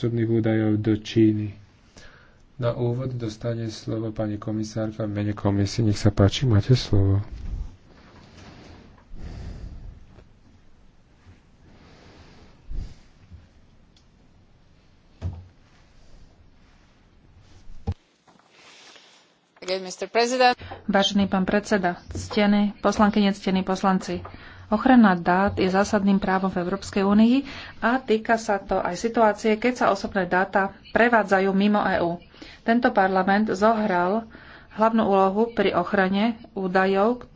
osobných údajov do Číny. Na úvod dostane slovo pani komisárka v mene komisie. Nech sa páči, máte slovo. Vážený pán predseda, ctení poslankyne, ctení poslanci, Ochrana dát je zásadným právom v Európskej únii a týka sa to aj situácie, keď sa osobné dáta prevádzajú mimo EÚ. Tento parlament zohral hlavnú úlohu pri ochrane údajov,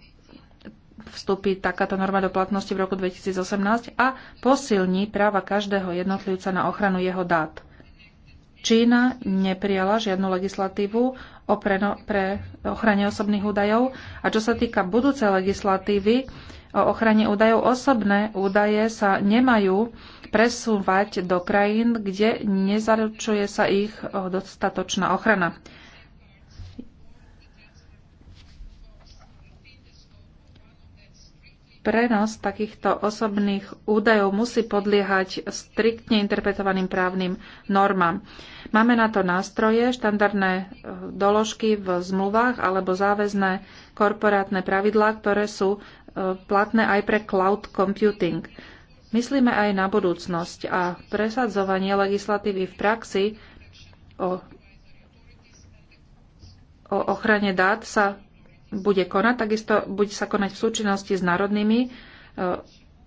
vstúpi takáto norma do platnosti v roku 2018 a posilní práva každého jednotlivca na ochranu jeho dát. Čína neprijala žiadnu legislatívu o pre, pre ochrane osobných údajov a čo sa týka budúcej legislatívy, o ochrane údajov. Osobné údaje sa nemajú presúvať do krajín, kde nezaručuje sa ich dostatočná ochrana. prenos takýchto osobných údajov musí podliehať striktne interpretovaným právnym normám. Máme na to nástroje, štandardné e, doložky v zmluvách alebo záväzné korporátne pravidlá, ktoré sú platné aj pre cloud computing. Myslíme aj na budúcnosť a presadzovanie legislatívy v praxi o, o ochrane dát sa bude konať, takisto bude sa konať v súčinnosti s národnými e,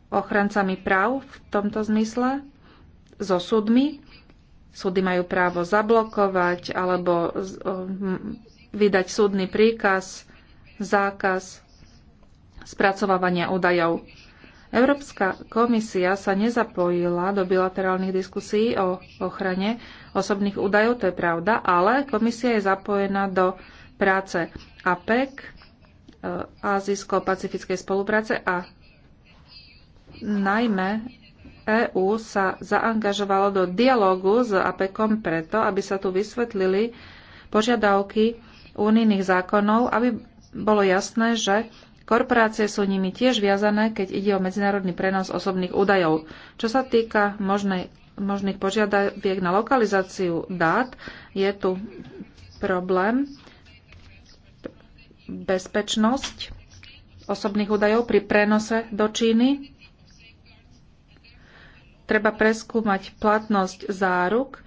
ochrancami práv v tomto zmysle, so súdmi. Súdy majú právo zablokovať alebo vydať súdny príkaz, zákaz spracovávania údajov. Európska komisia sa nezapojila do bilaterálnych diskusí o ochrane osobných údajov, to je pravda, ale komisia je zapojená do práce APEC, e, Azijsko-pacifickej spolupráce a najmä EÚ sa zaangažovalo do dialogu s APECom preto, aby sa tu vysvetlili požiadavky unijných zákonov, aby bolo jasné, že Korporácie sú nimi tiež viazané, keď ide o medzinárodný prenos osobných údajov. Čo sa týka možnej, možných požiadaviek na lokalizáciu dát, je tu problém bezpečnosť osobných údajov pri prenose do Číny. Treba preskúmať platnosť záruk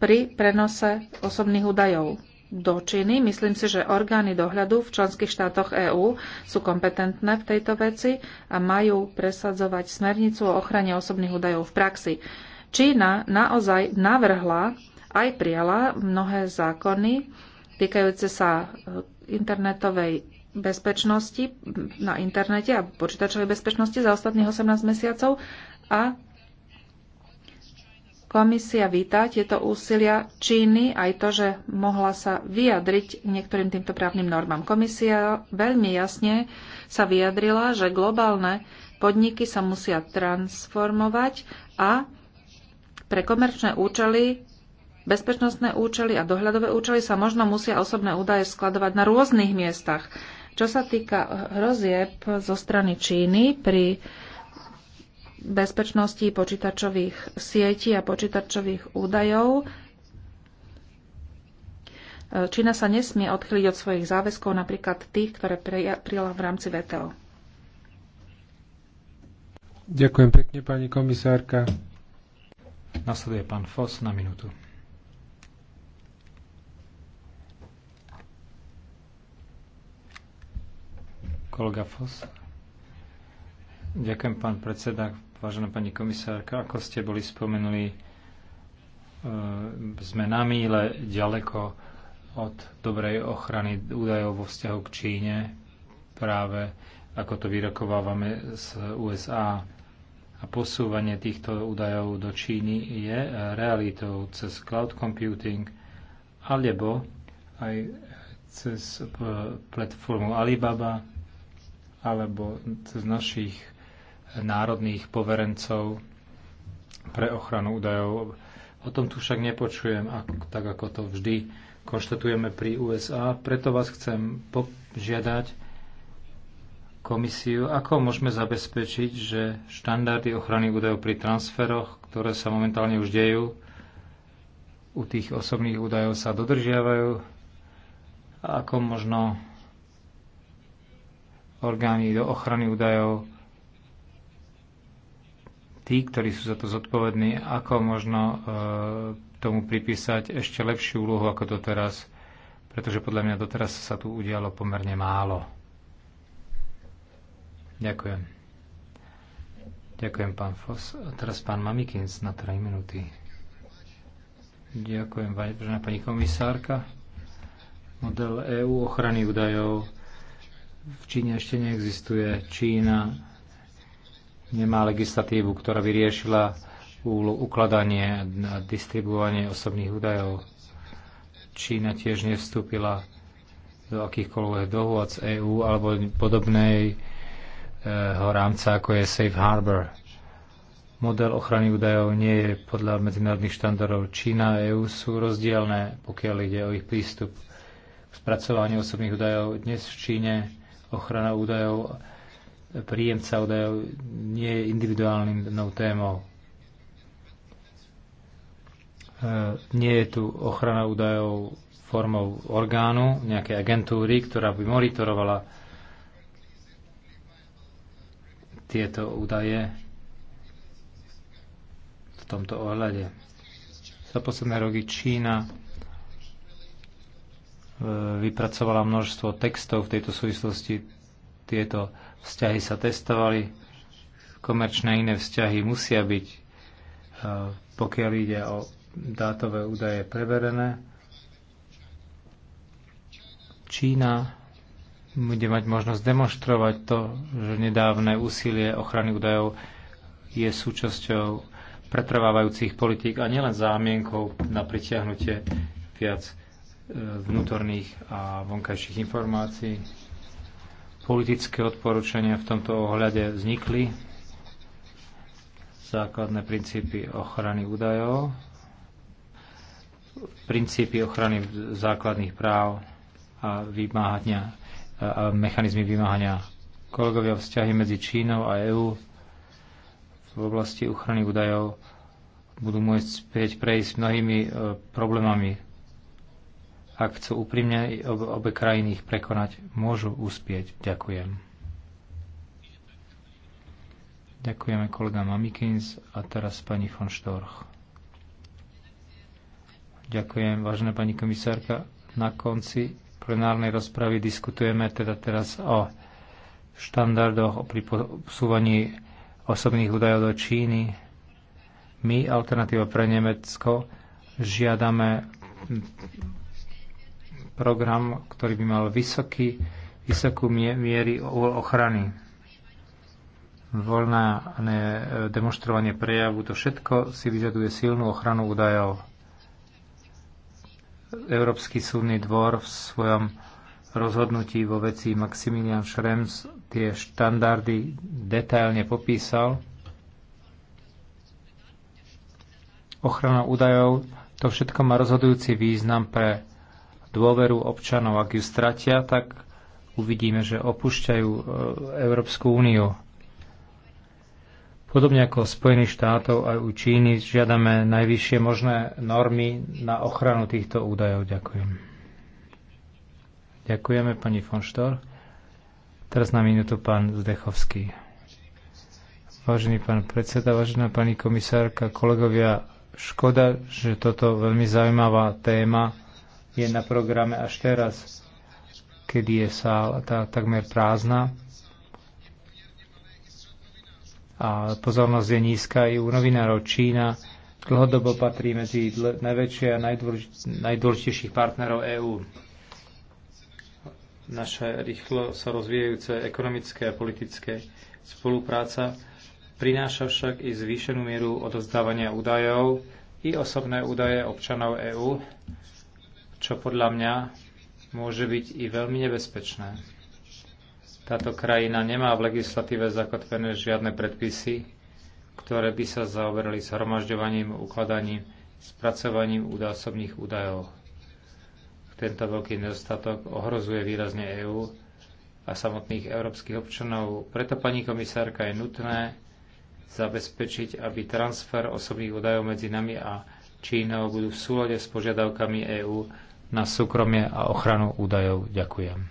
pri prenose osobných údajov do Číny. Myslím si, že orgány dohľadu v členských štátoch EÚ sú kompetentné v tejto veci a majú presadzovať smernicu o ochrane osobných údajov v praxi. Čína naozaj navrhla aj prijala mnohé zákony týkajúce sa e, internetovej bezpečnosti na internete a počítačovej bezpečnosti za ostatných 18 mesiacov a Komisia víta tieto úsilia Číny aj to, že mohla sa vyjadriť niektorým týmto právnym normám. Komisia veľmi jasne sa vyjadrila, že globálne podniky sa musia transformovať a pre komerčné účely, bezpečnostné účely a dohľadové účely sa možno musia osobné údaje skladovať na rôznych miestach. Čo sa týka hrozieb zo strany Číny pri bezpečnosti počítačových sietí a počítačových údajov. Čína sa nesmie odchýliť od svojich záväzkov, napríklad tých, ktoré prijala v rámci VTO. Ďakujem pekne, pani komisárka. Nasleduje pán Fos na minútu. Kolega Fos. Ďakujem, pán predseda. Vážená pani komisárka, ako ste boli spomenuli, e, sme na míle ďaleko od dobrej ochrany údajov vo vzťahu k Číne, práve ako to vyrokovávame z USA. A posúvanie týchto údajov do Číny je realitou cez cloud computing alebo aj cez platformu Alibaba alebo cez našich národných poverencov pre ochranu údajov. O tom tu však nepočujem, tak ako to vždy konštatujeme pri USA. Preto vás chcem požiadať komisiu, ako môžeme zabezpečiť, že štandardy ochrany údajov pri transferoch, ktoré sa momentálne už dejú, u tých osobných údajov sa dodržiavajú a ako možno orgány do ochrany údajov tí, ktorí sú za to zodpovední, ako možno e, tomu pripísať ešte lepšiu úlohu ako doteraz, pretože podľa mňa doteraz sa tu udialo pomerne málo. Ďakujem. Ďakujem, pán Fos. A teraz pán Mamikins na 3 minúty. Ďakujem, vážená pani komisárka. Model EÚ ochrany údajov v Číne ešte neexistuje. Čína nemá legislatívu, ktorá by riešila ukladanie a distribuovanie osobných údajov. Čína tiež nevstúpila do akýchkoľvek dohôd z EÚ alebo podobnej e, rámca, ako je Safe Harbor. Model ochrany údajov nie je podľa medzinárodných štandardov. Čína a EÚ sú rozdielne, pokiaľ ide o ich prístup k spracovaniu osobných údajov. Dnes v Číne ochrana údajov príjemca údajov nie je dnou témou. E, nie je tu ochrana údajov formou orgánu, nejakej agentúry, ktorá by monitorovala tieto údaje v tomto ohľade. Za posledné roky Čína e, vypracovala množstvo textov v tejto súvislosti tieto vzťahy sa testovali. Komerčné iné vzťahy musia byť, e, pokiaľ ide o dátové údaje, preverené. Čína bude mať možnosť demonstrovať to, že nedávne úsilie ochrany údajov je súčasťou pretrvávajúcich politík a nielen zámienkou na pritiahnutie viac e, vnútorných a vonkajších informácií. Politické odporúčania v tomto ohľade vznikli. Základné princípy ochrany údajov, princípy ochrany základných práv a vymáhania a mechanizmy vymáhania kolegovia vzťahy medzi Čínou a EÚ v oblasti ochrany údajov budú môcť späť prejsť mnohými e, problémami ak chcú úprimne obe krajiny ich prekonať, môžu uspieť. Ďakujem. Ďakujeme kolega Mamikins a teraz pani von Storch. Ďakujem, vážená pani komisárka. Na konci plenárnej rozpravy diskutujeme teda teraz o štandardoch pri posúvaní osobných údajov do Číny. My, Alternatíva pre Nemecko, žiadame program, ktorý by mal vysoký, vysokú miery ochrany. Voľná demonstrovanie prejavu, to všetko si vyžaduje silnú ochranu údajov. Európsky súdny dvor v svojom rozhodnutí vo veci Maximilian Schrems tie štandardy detailne popísal. Ochrana údajov, to všetko má rozhodujúci význam pre dôveru občanov. Ak ju stratia, tak uvidíme, že opúšťajú e, Európsku úniu. Podobne ako Spojených štátov aj u Číny žiadame najvyššie možné normy na ochranu týchto údajov. Ďakujem. Ďakujeme pani von Štor. Teraz na minútu pán Zdechovský. Vážený pán predseda, vážená pani komisárka, kolegovia, škoda, že toto veľmi zaujímavá téma je na programe až teraz, kedy je sála tá, takmer prázdna a pozornosť je nízka i u novinárov. Čína dlhodobo patrí medzi najväčšie a najdôležitejších partnerov EÚ. Naše rýchlo sa rozvíjajúce ekonomické a politické spolupráca prináša však i zvýšenú mieru odozdávania údajov i osobné údaje občanov EÚ čo podľa mňa môže byť i veľmi nebezpečné. Táto krajina nemá v legislatíve zakotvené žiadne predpisy, ktoré by sa zaoberali shromažďovaním, ukladaním, spracovaním údásobných údajov. Tento veľký nedostatok ohrozuje výrazne EÚ a samotných európskych občanov. Preto, pani komisárka, je nutné zabezpečiť, aby transfer osobných údajov medzi nami a Čínou budú v súlade s požiadavkami EÚ na súkromie a ochranu údajov. Ďakujem.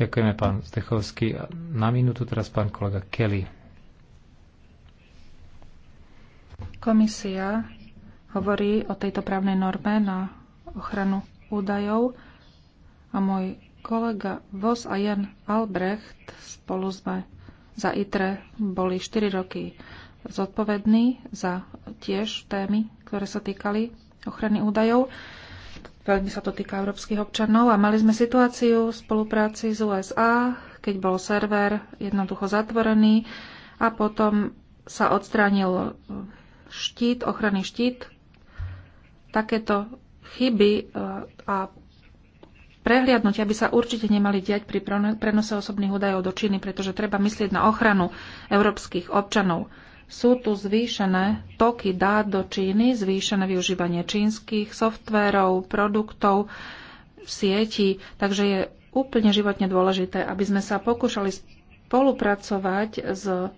Ďakujeme pán Stechovský. Na minútu teraz pán kolega Kelly. Komisia hovorí o tejto právnej norme na ochranu údajov a môj kolega Vos a Jan Albrecht spolu sme za ITRE boli 4 roky zodpovedný za tiež témy, ktoré sa týkali ochrany údajov. Veľmi sa to týka európskych občanov a mali sme situáciu v spolupráci s USA, keď bol server jednoducho zatvorený a potom sa odstránil štít, ochranný štít. Takéto chyby e, a prehliadnutia by sa určite nemali diať pri prenose osobných údajov do Číny, pretože treba myslieť na ochranu európskych občanov sú tu zvýšené toky dát do Číny, zvýšené využívanie čínskych softvérov, produktov, sietí. Takže je úplne životne dôležité, aby sme sa pokúšali spolupracovať s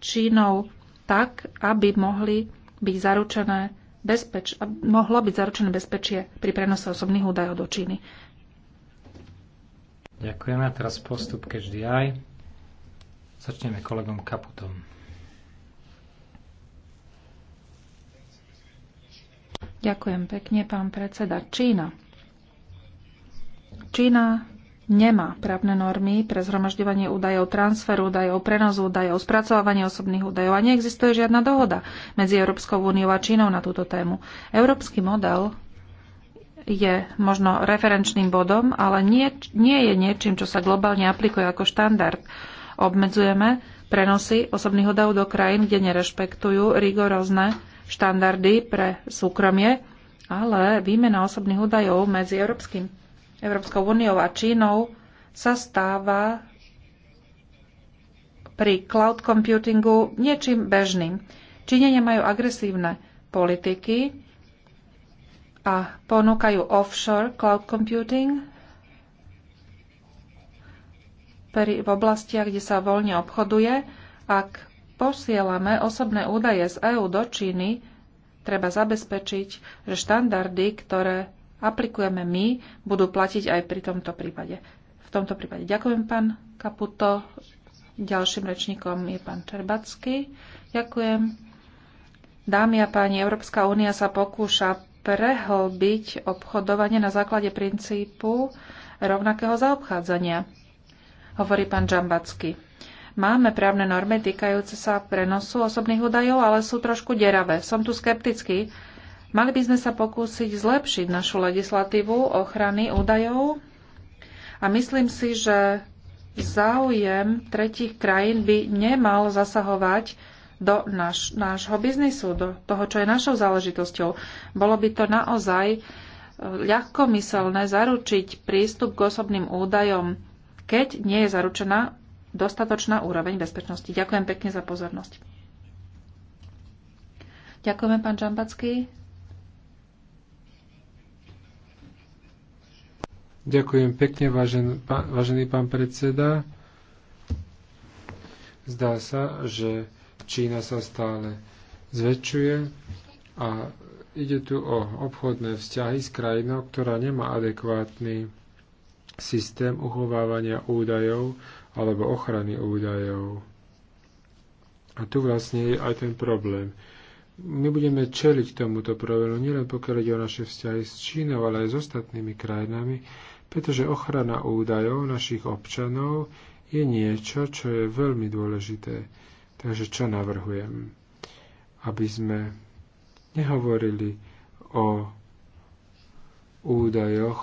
Čínou tak, aby mohli byť zaručené bezpeč- mohlo byť zaručené bezpečie pri prenose osobných údajov do Číny. Ďakujeme. A teraz postup KHDI. Začneme kolegom Kaputom. Ďakujem pekne, pán predseda. Čína. Čína nemá právne normy pre zhromažďovanie údajov, transfer údajov, prenos údajov, spracovávanie osobných údajov a neexistuje žiadna dohoda medzi Európskou úniou a Čínou na túto tému. Európsky model je možno referenčným bodom, ale nie, nie je niečím, čo sa globálne aplikuje ako štandard. Obmedzujeme prenosy osobných údajov do krajín, kde nerešpektujú rigorózne štandardy pre súkromie, ale výmena osobných údajov medzi Európskym, Európskou úniou a Čínou sa stáva pri cloud computingu niečím bežným. Číňania majú agresívne politiky a ponúkajú offshore cloud computing v oblastiach, kde sa voľne obchoduje. Ak posielame osobné údaje z EÚ do Číny, treba zabezpečiť, že štandardy, ktoré aplikujeme my, budú platiť aj pri tomto prípade. V tomto prípade ďakujem pán Kaputo. Ďalším rečníkom je pán Čerbacký. Ďakujem. Dámy a páni, Európska únia sa pokúša prehlbiť obchodovanie na základe princípu rovnakého zaobchádzania, hovorí pán Džambacký. Máme právne normy týkajúce sa prenosu osobných údajov, ale sú trošku deravé. Som tu skeptický. Mali by sme sa pokúsiť zlepšiť našu legislatívu ochrany údajov a myslím si, že záujem tretich krajín by nemal zasahovať do naš, nášho biznisu, do toho, čo je našou záležitosťou. Bolo by to naozaj e, ľahkomyselné zaručiť prístup k osobným údajom, keď nie je zaručená dostatočná úroveň bezpečnosti. Ďakujem pekne za pozornosť. Ďakujeme, pán Žambacký. Ďakujem pekne, vážen, pá, vážený pán predseda. Zdá sa, že Čína sa stále zväčšuje a ide tu o obchodné vzťahy s krajinou, ktorá nemá adekvátny systém uchovávania údajov alebo ochrany údajov. A tu vlastne je aj ten problém. My budeme čeliť tomuto problému nielen pokiaľ ide o naše vzťahy s Čínou, ale aj s ostatnými krajinami, pretože ochrana údajov našich občanov je niečo, čo je veľmi dôležité. Takže čo navrhujem? Aby sme nehovorili o údajoch,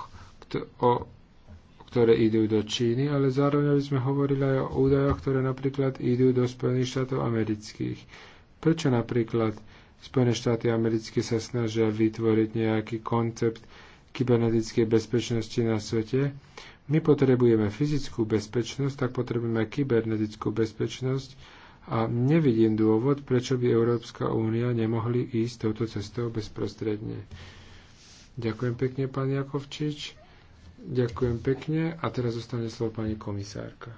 o ktoré idú do Číny, ale zároveň by sme hovorili aj o údajoch, ktoré napríklad idú do Spojených štátov amerických. Prečo napríklad Spojené štáty americké sa snažia vytvoriť nejaký koncept kybernetickej bezpečnosti na svete? My potrebujeme fyzickú bezpečnosť, tak potrebujeme kybernetickú bezpečnosť a nevidím dôvod, prečo by Európska únia nemohli ísť touto cestou bezprostredne. Ďakujem pekne, pán Jakovčič. Ďakujem pekne a teraz zostane slovo pani komisárka.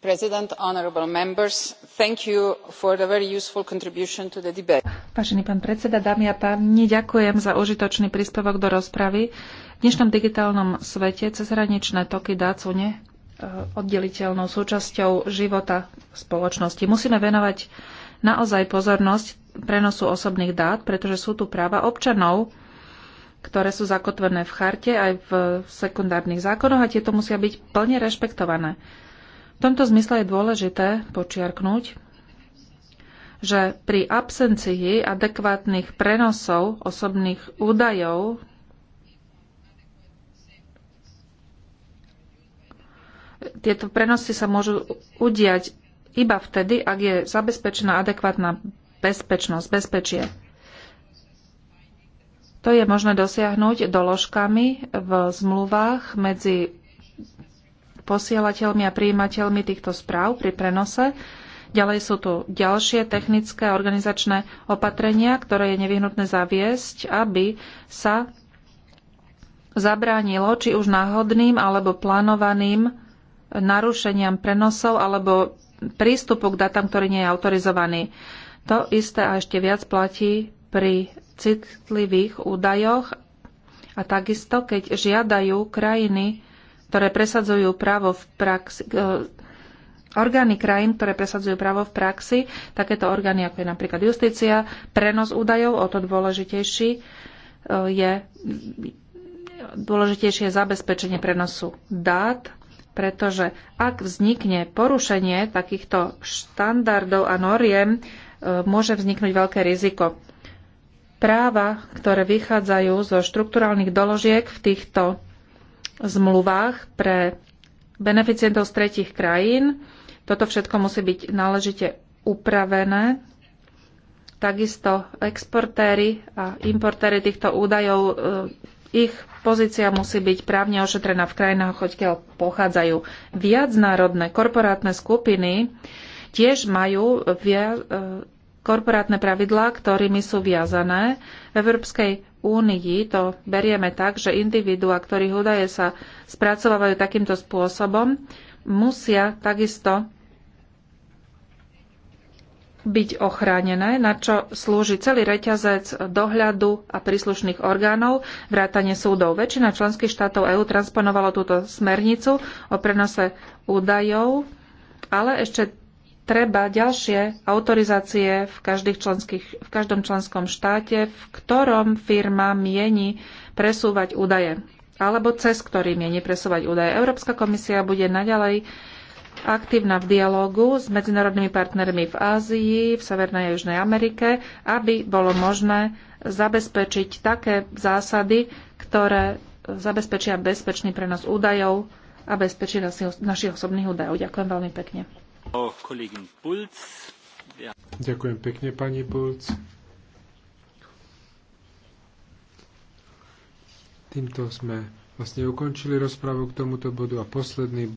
President, honorable members, thank you for the very useful contribution to the debate. Vážený pán predseda, dámy a páni, ďakujem za užitočný príspevok do rozpravy. V dnešnom digitálnom svete cezhraničné toky dát sú neoddeliteľnou eh, súčasťou života spoločnosti. Musíme venovať naozaj pozornosť prenosu osobných dát, pretože sú tu práva občanov, ktoré sú zakotvené v charte aj v sekundárnych zákonoch a tieto musia byť plne rešpektované. V tomto zmysle je dôležité počiarknúť, že pri absencii adekvátnych prenosov osobných údajov tieto prenosy sa môžu udiať iba vtedy, ak je zabezpečená adekvátna bezpečnosť, bezpečie. To je možné dosiahnuť doložkami v zmluvách medzi posielateľmi a príjimateľmi týchto správ pri prenose. Ďalej sú tu ďalšie technické a organizačné opatrenia, ktoré je nevyhnutné zaviesť, aby sa zabránilo či už náhodným alebo plánovaným narušeniam prenosov alebo prístupu k datám, ktorý nie je autorizovaný. To isté a ešte viac platí pri citlivých údajoch a takisto, keď žiadajú krajiny, ktoré presadzujú právo v praxi, eh, orgány krajín, ktoré presadzujú právo v praxi, takéto orgány, ako je napríklad justícia, prenos údajov, o to dôležitejší eh, je dôležitejšie je zabezpečenie prenosu dát pretože ak vznikne porušenie takýchto štandardov a noriem, e, môže vzniknúť veľké riziko. Práva, ktoré vychádzajú zo štrukturálnych doložiek v týchto zmluvách pre beneficientov z tretich krajín, toto všetko musí byť náležite upravené. Takisto exportéry a importéry týchto údajov e, ich pozícia musí byť právne ošetrená v krajinách, odkiaľ pochádzajú. Viacnárodné korporátne skupiny tiež majú via, e, korporátne pravidlá, ktorými sú viazané. V Európskej únii to berieme tak, že individua, ktorých údaje sa spracovávajú takýmto spôsobom, musia takisto byť ochránené, na čo slúži celý reťazec dohľadu a príslušných orgánov, vrátane súdov. Väčšina členských štátov EÚ transponovalo túto smernicu o prenose údajov, ale ešte treba ďalšie autorizácie v, v každom členskom štáte, v ktorom firma mieni presúvať údaje alebo cez ktorý mieni presúvať údaje. Európska komisia bude naďalej aktívna v dialogu s medzinárodnými partnermi v Ázii, v Severnej a Južnej Amerike, aby bolo možné zabezpečiť také zásady, ktoré zabezpečia bezpečný prenos údajov a bezpečí našich osobných údajov. Ďakujem veľmi pekne. Ďakujem pekne, pani Bulc. Týmto sme vlastne ukončili rozprávu k tomuto bodu a posledný